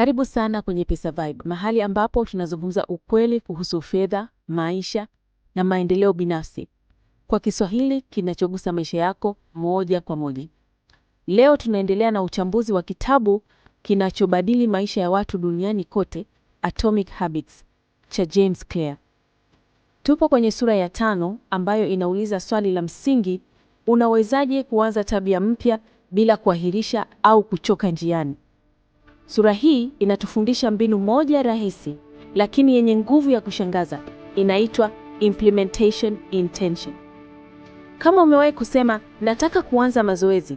Karibu sana kwenye Pesa Vibe, mahali ambapo tunazungumza ukweli kuhusu fedha, maisha na maendeleo binafsi kwa Kiswahili kinachogusa maisha yako moja kwa moja. Leo tunaendelea na uchambuzi wa kitabu kinachobadili maisha ya watu duniani kote, Atomic Habits cha James Clear. Tupo kwenye sura ya tano ambayo inauliza swali la msingi, unawezaje kuanza tabia mpya bila kuahirisha au kuchoka njiani? Sura hii inatufundisha mbinu moja rahisi lakini yenye nguvu ya kushangaza, inaitwa implementation intention. Kama umewahi kusema nataka kuanza mazoezi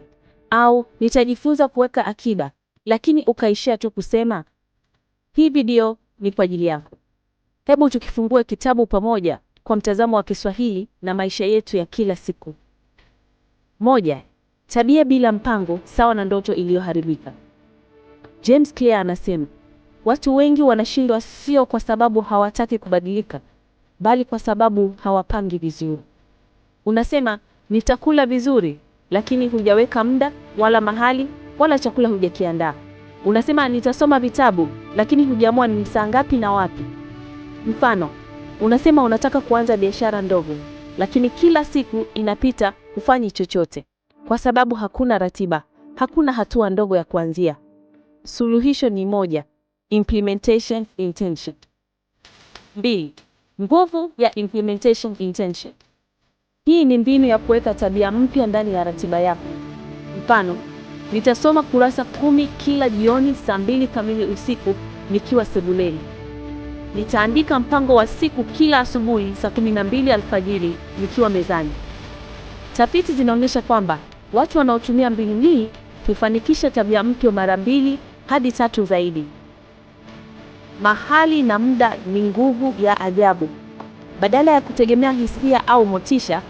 au nitajifunza kuweka akiba, lakini ukaishia tu kusema, hii video ni kwa ajili yako. Hebu tukifungue kitabu pamoja kwa mtazamo wa Kiswahili na maisha yetu ya kila siku. Moja, tabia bila mpango sawa na ndoto iliyoharibika. James Clear anasema watu wengi wanashindwa sio kwa sababu hawataki kubadilika, bali kwa sababu hawapangi vizuri. Unasema nitakula vizuri, lakini hujaweka muda wala mahali wala chakula hujakiandaa. Unasema nitasoma vitabu, lakini hujaamua ni saa ngapi na wapi. Mfano, unasema unataka kuanza biashara ndogo, lakini kila siku inapita hufanyi chochote, kwa sababu hakuna ratiba, hakuna hatua ndogo ya kuanzia. Suluhisho ni moja, implementation intention. Mbili, nguvu ya implementation intention. Hii ni mbinu ya kuweka tabia mpya ndani ya ratiba yako. Mfano, nitasoma kurasa kumi kila jioni saa mbili kamili usiku nikiwa sebuleni. Nitaandika mpango wa siku kila asubuhi saa kumi na mbili alfajiri nikiwa mezani. Tafiti zinaonyesha kwamba watu wanaotumia mbinu hii hufanikisha tabia mpya mara mbili hadi tatu zaidi. Mahali na muda ni nguvu ya ajabu. Badala ya kutegemea hisia au motisha,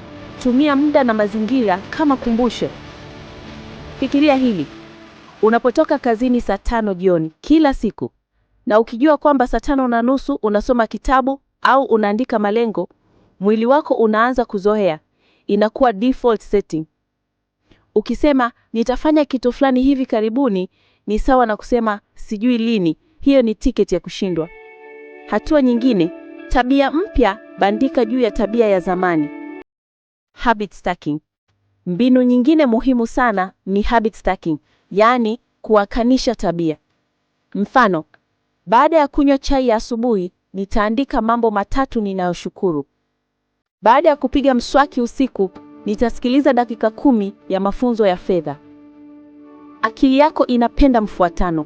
tumia muda na mazingira kama kumbusho. Fikiria hili: unapotoka kazini saa tano jioni kila siku, na ukijua kwamba saa tano na nusu unasoma kitabu au unaandika malengo, mwili wako unaanza kuzoea, inakuwa default setting. Ukisema nitafanya kitu fulani hivi karibuni, ni sawa na kusema sijui lini. Hiyo ni tiketi ya kushindwa. Hatua nyingine, tabia mpya bandika juu ya tabia ya zamani. Habit stacking. Mbinu nyingine muhimu sana ni habit stacking, yaani kuwakanisha tabia. Mfano, baada ya kunywa chai ya asubuhi, nitaandika mambo matatu ninayoshukuru. Baada ya kupiga mswaki usiku, nitasikiliza dakika kumi ya mafunzo ya fedha. Akili yako inapenda mfuatano.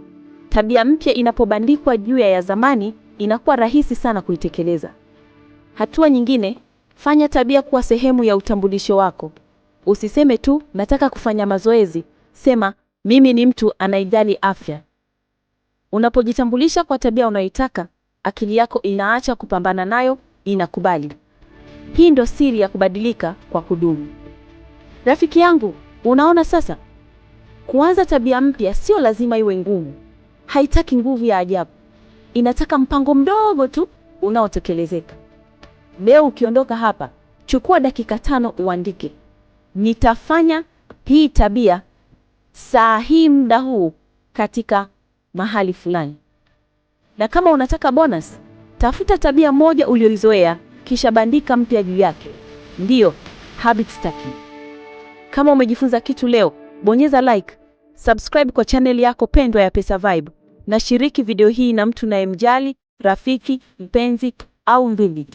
Tabia mpya inapobandikwa juu ya ya zamani, inakuwa rahisi sana kuitekeleza. Hatua nyingine, fanya tabia kuwa sehemu ya utambulisho wako. Usiseme tu nataka kufanya mazoezi, sema mimi ni mtu anayejali afya. Unapojitambulisha kwa tabia unayoitaka, akili yako inaacha kupambana nayo, inakubali. Hii ndio siri ya kubadilika kwa kudumu. Rafiki yangu, unaona sasa Kuanza tabia mpya sio lazima iwe ngumu, haitaki nguvu ya ajabu, inataka mpango mdogo tu unaotekelezeka. Leo ukiondoka hapa, chukua dakika tano uandike, nitafanya hii tabia saa hii muda huu katika mahali fulani. Na kama unataka bonus, tafuta tabia moja uliyoizoea kisha bandika mpya juu yake. Ndiyo habit stacking. Kama umejifunza kitu leo Bonyeza like, subscribe kwa chaneli yako pendwa ya PesaVibe na shiriki video hii na mtu nayemjali, rafiki, mpenzi au mvili